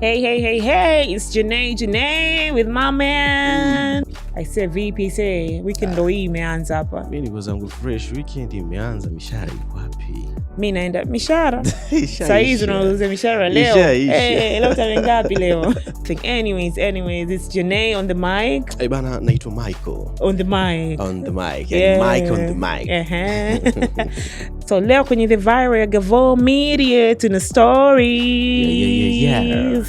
Hey, hey, hey, hey, it's Janae Janae with my man aise, vipi se, weekend ndo ah. hii imeanza hapa. Mi niko zangu fresh, weekend imeanza, mishahara iko wapi? Mi naenda mishahara sahizi, unauza mishahara leo eh, eh, ngapi leo? Anyways, on the mic. Eh, naitwa Michael on the mic, So leo kwenye the viral ya Gavoo Media tuna stories. Yeah, yeah, yeah, yeah.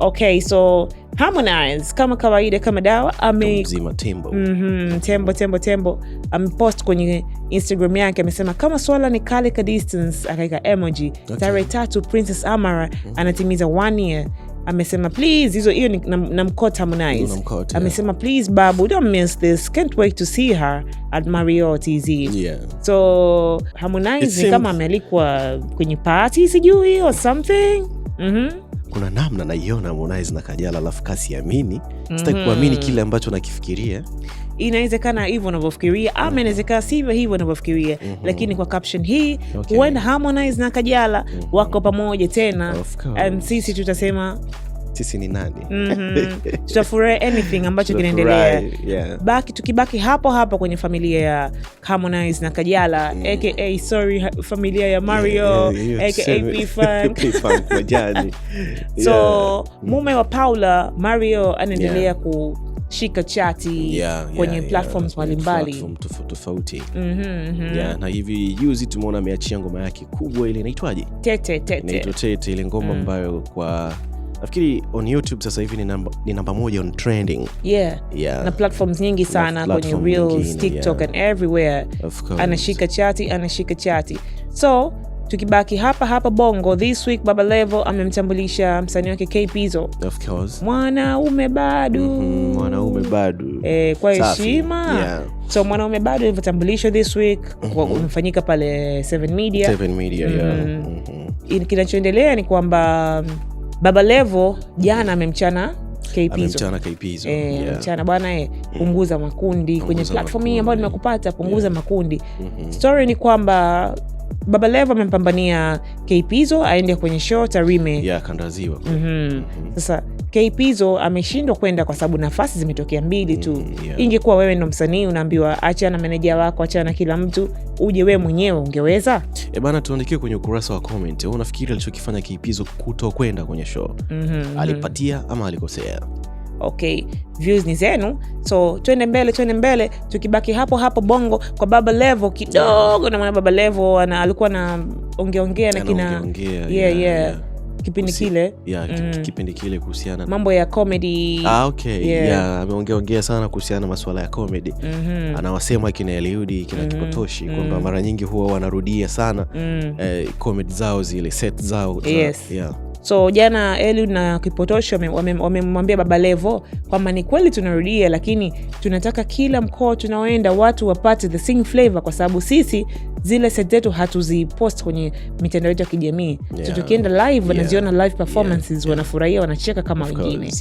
Okay, so Harmonize kama kawaida, kama dawa ame... mzima tembo. Mm -hmm, tembo tembo tembo amepost kwenye Instagram yake amesema kama swala ni kale ka distance, akaika emoji okay. Tarehe tatu Princess Amara mm -hmm. anatimiza one year amesema please, hizo hiyo namkota Harmonize namkota, amesema please babu don't miss this can't wait to see her at Marriott TZ yeah. so Harmonize seems... kama amealikwa kwenye party sijui or something mm -hmm kuna namna naiona Harmonize na Kajala, alafu kasiamini. Sitaki mhm. kuamini kile ambacho nakifikiria. Inawezekana hivyo unavyofikiria ama mm -hmm. Inawezekana sivyo hivyo unavyofikiria mm -hmm. Lakini kwa caption hii huenda okay. Harmonize na Kajala mm -hmm. wako mhm. pamoja tena, and sisi tutasema sisi ni nani. mm-hmm. tutafurahi anything ambacho kinaendelea yeah. Baki tukibaki hapo hapo kwenye familia ya Harmonize na Kajala mm. aka sorry, familia ya Mario yeah, yeah, yeah, aka p majani so yeah. mume wa Paula Mario anaendelea yeah. ku shika chati yeah, yeah, kwenye yeah, platforms mbalimbali yeah, platform tofauti mm -hmm, mm -hmm. yeah, na hivi juzi tumeona ameachia ngoma yake kubwa ile inaitwaje? Tete, tete. Tete, ile ngoma mm. ambayo mm. kwa nafkiri on YouTube sasa hivi ni namba, ni namba moja on trending yeah. Yeah. na platforms nyingi sana kwenye Reels, TikTok yeah. and everywhere anashika chati anashika chati so tukibaki hapa hapa Bongo, this week Baba Levo amemtambulisha msanii wake K mwanaume bado, mm -hmm, mwanaume e, kwa heshima yeah. So mwanaume bado ilivyotambulishwa this week mm -hmm. umefanyika pale Seven Media, Seven Media mm -hmm. yeah. mm -hmm. kinachoendelea ni kwamba mm, Baba Levo jana amemchana mchana eh, mchana bwana e, punguza makundi punguza kwenye platform hii ambayo nimekupata punguza yeah. makundi mm -hmm. Story ni kwamba Baba Levo amempambania Kpizo aende kwenye show Tarime ya kandaziwa. mm -hmm. Sasa Kpizo ameshindwa kwenda kwa sababu nafasi zimetokea mbili tu. mm, yeah. Ingekuwa wewe ndo msanii unaambiwa acha na meneja wako, acha na kila mtu, uje wewe mwenyewe, ungeweza e bana? Tuandikie kwenye ukurasa wa comment, unafikiri alichokifanya Kpizo kutokwenda kwenye show mm -hmm. alipatia ama alikosea? okay, views ni zenu, so twende mbele, twende mbele. Tukibaki hapo hapo Bongo kwa Baba Levo kidogo, namana mwana Baba Levo ana alikuwa na ongeongea na kina yeah, yeah, yeah. Kipindi kile mm. Kipindi kile kuhusiana mambo ya comedy ah, okay. yeah. yeah, ameongeaongea sana kuhusiana na masuala ya comedy mm -hmm. Anawasema kina Eliudi kina mm-hmm. mm -hmm. Kipotoshi kwamba mara nyingi huwa wanarudia sana mm -hmm. eh, comedy zao zile set zao yes. yeah. So jana Eliud na Kipotoshi wamemwambia Baba Levo kwamba ni kweli tunarudia, lakini tunataka kila mkoa tunaoenda watu wapate the same flavor, kwa sababu sisi zile set zetu hatuzipost kwenye mitandao yetu ya kijamii. So tukienda live, wanaziona live performances, wanafurahia, wanacheka kama wengine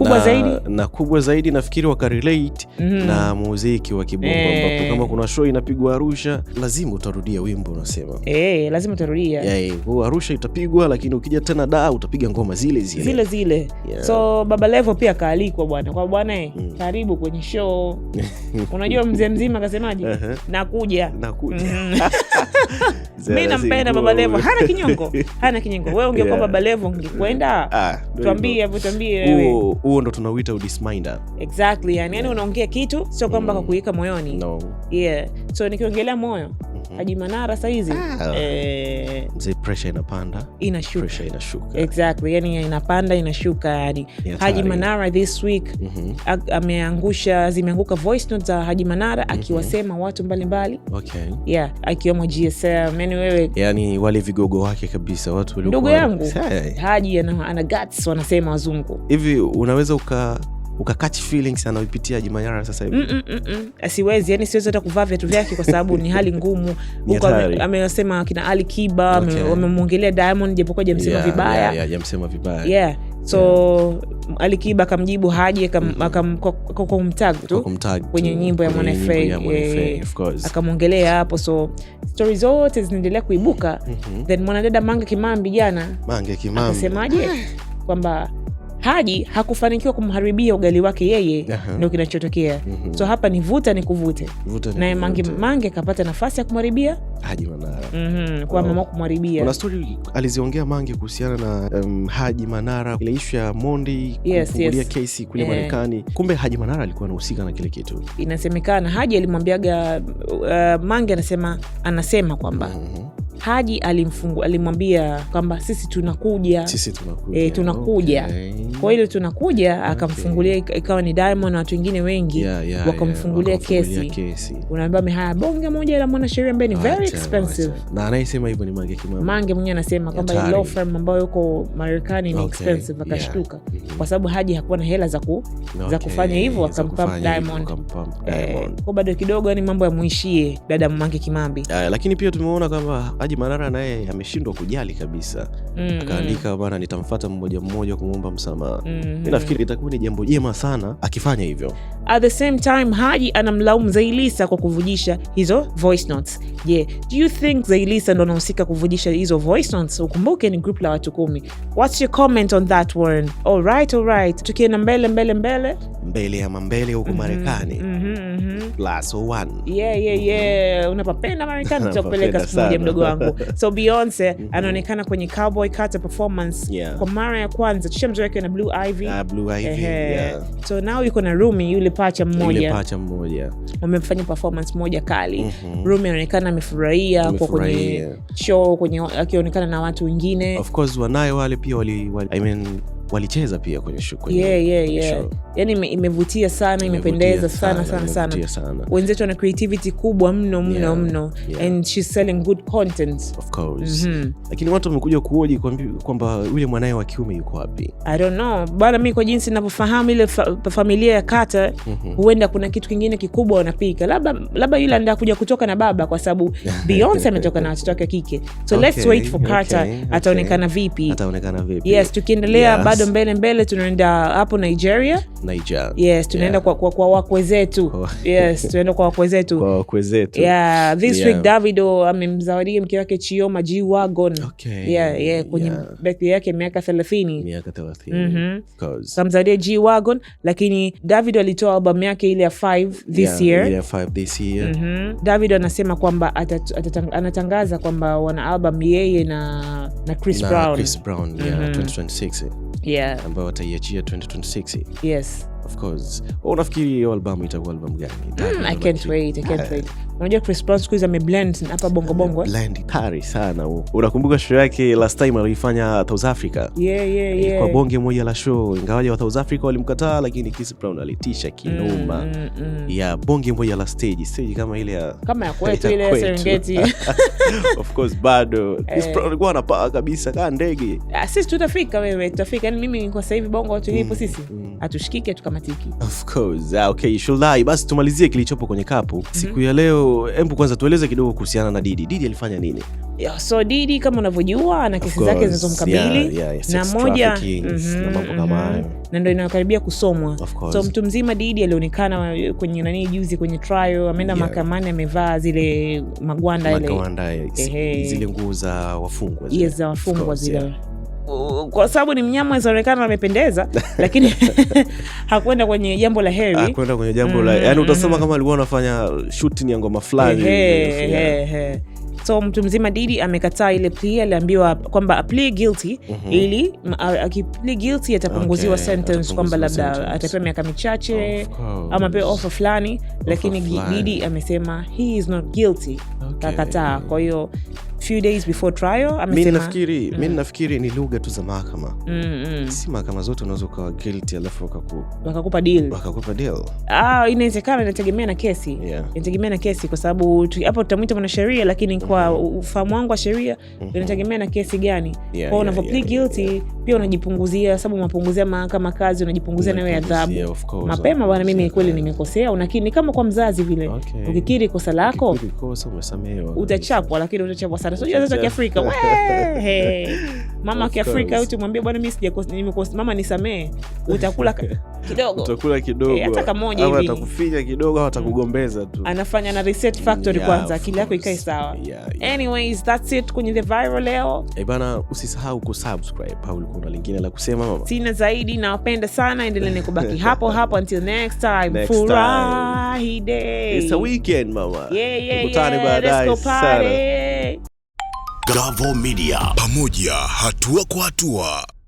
kubwa na, zaidi na kubwa zaidi nafikiri wakarelate mm. na muziki wa kibongo ambapo hey. Eh. kama kuna show inapigwa Arusha lazima utarudia wimbo unasema hey, eh, lazima utarudia yeah, kwa Arusha itapigwa, lakini ukija tena da utapiga ngoma zile zile zile zile yeah. So Baba Levo pia kaalikwa bwana kwa bwana eh, mm. karibu kwenye show unajua mzee mzima akasemaje? uh -huh. nakuja nakuja mhm. mi nampenda Baba Levo, hana kinyongo hana kinyongo. Wewe ungekuwa yeah. Baba Levo ungekwenda? ah, tuambie, tuambie wewe huo ndo tunauita udisminder. Exactly, yani, yeah. Unaongea kitu sio kwamba mm. kakuweka moyoni no. Yeah, so nikiongelea moyo Mm-hmm. Haji Manara sahizi ah, eh, ah. inapanda inashuka, pressure Exactly. Yani inapanda inashuka yani. Haji Manara this week mm -hmm. ameangusha zimeanguka voice za Haji Manara mm-hmm. akiwasema mm -hmm. watu mbalimbali okay. yeah, akiwemo GSM yani wewe yani wale vigogo wake kabisa watu ndugu yangu Haji ana, ana guts wanasema wazungu hivi unaweza uka ukakatch feelings anayopitia Jumanyara sasa hivi. Mm, mm, mm, siwezi yani, siwezi hata kuvaa viatu vyake kwa sababu ni hali ngumu huko. Amesema kina Ali Kiba wamemwongelea okay. Diamond japokuwa jamsema yeah, vibaya yeah, yeah, vibaya yeah so yeah. Alikiba akamjibu Haji kumtag tu kwenye nyimbo ya Mwanafa akamwongelea hapo, so stori zote zinaendelea kuibuka mm -hmm. Then mwanadada Mange Kimambi jana Kimambi akasemaje kwamba Haji hakufanikiwa kumharibia ugali wake yeye, ndio kinachotokea. mm -hmm. So hapa ni vuta ni kuvute, naye Mange Mange akapata nafasi ya kumharibia Haji Manara mm -hmm. kwa mama kumharibia. Kuna stori aliziongea Mange kuhusiana na um, Haji Manara, ile ishu ya Mondi kufungulia yes, yes. kesi kule yeah. Marekani. Kumbe Haji Manara alikuwa anahusika na kile kitu, inasemekana Haji alimwambiaga uh, Mange anasema anasema kwamba mm -hmm. Haji alimfungu alimwambia kwamba sisi tunakuja, sisi tunakuja, e, tunakuja. Okay. Kwa ile tunakuja akamfungulia, ikawa ni Diamond na watu wengine wengi yeah, yeah, wakamfungulia yeah, kesi, kesi. Unaambia mehaya bonge moja la mwanasheria ambaye ni very expensive, na anayesema hivyo ni Mange Kimambi. Mange mwenyewe anasema kwamba law firm ambayo yuko Marekani ni okay, expensive akashtuka yeah. mm -hmm. Kwa sababu Haji hakuwa na hela za ku, okay, za kufanya hivyo akampa eh, Diamond, kwa bado kidogo ni mambo yamwishie dada Mange Kimambi. Yeah, lakini pia tumeona kwamba Haji Manara naye ameshindwa kujali kabisa mm, akaandika bana, nitamfata mmoja mmoja kumwomba msamaha. Mi mm-hmm. nafikiri itakuwa ni jambo jema sana akifanya hivyo. At the same time, Haji anamlaumu Zailisa kwa kuvujisha hizo voice notes. Je, yeah. Do you think Zailisa ndo anahusika kuvujisha hizo voice notes? Ukumbuke ni group la watu kumi. What's your comment on that one? All right, all right. Tukienda mbele mbele mbele mbele ama mbele huko mhm, Marekani. mm -hmm, mm -hmm. Plus one. Yeah, yeah, yeah. Mhm. Unapapenda Marekani tutakupeleka siku moja mdogo wangu. So Beyonce mm -hmm. anaonekana kwenye Cowboy Carter performance yeah. kwa mara ya kwanza tushamzoea na Blue Ivy. Uh, Blue Ivy. Uh, yeah. So now yuko na Rumi yule pacha mmoja wamefanya mmoja wamemfanya performance moja kali mm-hmm. Rumi anaonekana amefurahia kwa kwenye show kwenye akionekana na watu wengine, of course wanaye wale pia wali, wali, I mean, walicheza pia kwenye show yeah, yeah, yeah. Yani imevutia sana, imependeza sana sana sana sana. Wenzetu wana creativity kubwa mno mno yeah, mno yeah. And she's selling good content of course mm -hmm. Lakini watu wamekuja kuoji kwamba yule mwanaye wa kiume yuko wapi? I don't know Bwana mimi kwa jinsi ninavyofahamu ile fa familia ya Carter mm -hmm. kuna kitu kingine kikubwa wanapika, labda labda yule anataka kuja kutoka na baba, kwa sababu Beyonce ametoka na watoto wake kike, so okay, let's wait for Carter okay, okay. Ataonekana vipi? Ataonekana vipi? Yes, tukiendelea yes. bado bado mbele mbele tunaenda hapo nigeria nigeria yes tunaenda yeah. kwa, kwa, kwa wakwe zetu oh. yes tunaenda kwa wakwe zetu kwa wakwe zetu yeah this yeah. week davido amemzawadia mke wake chioma g wagon okay. yeah, yeah kwenye yeah. bethi yake miaka thelathini miaka thelathini mm mm-hmm. -hmm. kamzawadia g wagon lakini davido alitoa albamu yake ile ya five this yeah, year, yeah, five this year. Mm -hmm. davido anasema kwamba anatangaza kwamba wana album yeye na na chris na brown, chris brown yeah, mm -hmm. 2026 yeah, ambayo wataiachia 2026. Yes of course. Unafikiri hiyo albamu itakuwa albamu gani? Hmm, eh. Unajua Chris Brown siku hizi ameblend hapa eh? Blend sana. Unakumbuka show yake last time South Africa? Yeah, yeah, yeah. Kwa bonge moja la show, ingawaje wa South Africa walimkataa lakini Chris Brown alitisha kinuma Mm, mm. Ya bonge moja la stage, stage kama ile ya kama ya kwetu ile Serengeti. Of course bado Chris eh. Brown alikuwa anapaa kabisa kaa ndege. Ah, sisi tutafika wewe, tutafika. yani mimi kwa sasa hivi bongo mm, sisi. Mm. Atushikike tukama automatiki. Of course. Ah, okay, Shulai, basi tumalizie kilichopo kwenye kapu mm -hmm. Siku ya leo, hebu kwanza tueleze kidogo kuhusiana na Didi. Didi alifanya nini? So Didi kama unavyojua ana kesi zake zinazomkabili na moja na mhm. ndo inakaribia kusomwa. So mtu mzima Didi alionekana kwenye nani juzi kwenye trial, ameenda yeah. mahakamani amevaa zile magwanda, magwanda ile zile nguo za wafungwa zile, yes, za wafungwa zile yeah kwa sababu ni mnyama anaonekana amependeza, lakini hakwenda kwenye jambo la heri, hakwenda kwenye jambo mm, la yani utasema kama alikuwa anafanya shooting ya ngoma fulani So mtu mzima didi amekataa ile plea, aliambiwa kwamba aplea guilty mm -hmm. ili akiplea guilty atapunguziwa okay, sentence kwamba labda atapewa miaka michache ama pewa offer fulani, lakini Diddy amesema he is not guilty okay. Kakataa. Kwa hiyo few days before trial amesema, nafikiri mm. nafikiri ni lugha tu za mahakama mm -mm. si mahakama zote unaweza ukawa guilty alafu wakaku... wakakupa deal wakakupa deal. Ah, inawezekana, inategemea na kesi yeah. inategemea na kesi kwa sababu hapo tutamwita mwanasheria, lakini kwa mm-hmm. ufahamu wangu wa sheria mm -hmm. inategemea na kesi gani yeah, kwa unavyo yeah, guilty yeah, yeah. pia unajipunguzia, sababu mapunguzia mahakama kazi, unajipunguzia nawe adhabu mapema bana, mimi kweli nimekosea, lakini kama kama kwa mzazi vile okay. Ukikiri kosa lako utachapwa, lakini utachapwa sana. So unajua watoto Kiafrika mama Kiafrika, utumwambia bwana, mimi sijakosa, nimekosa mama, nisamee, utakula kidogo utakula eh, kidogo, hata hivi atakufinya kidogo au atakugombeza tu. Anafanya na reset factory yeah, kwanza akili yako ikae sawa. Yeah, yeah. Anyways, that's it kwenye the viral leo. Eh bana, usisahau kusubscribe. lingine la kusema mama? Sina zaidi, nawapenda sana, endeleeni kubaki hapo hapo until next time. Next furahi day. It's a weekend mama. Yeah, yeah, Kukutane yeah. Baadaye sana. Media pamoja hatua kwa hatua.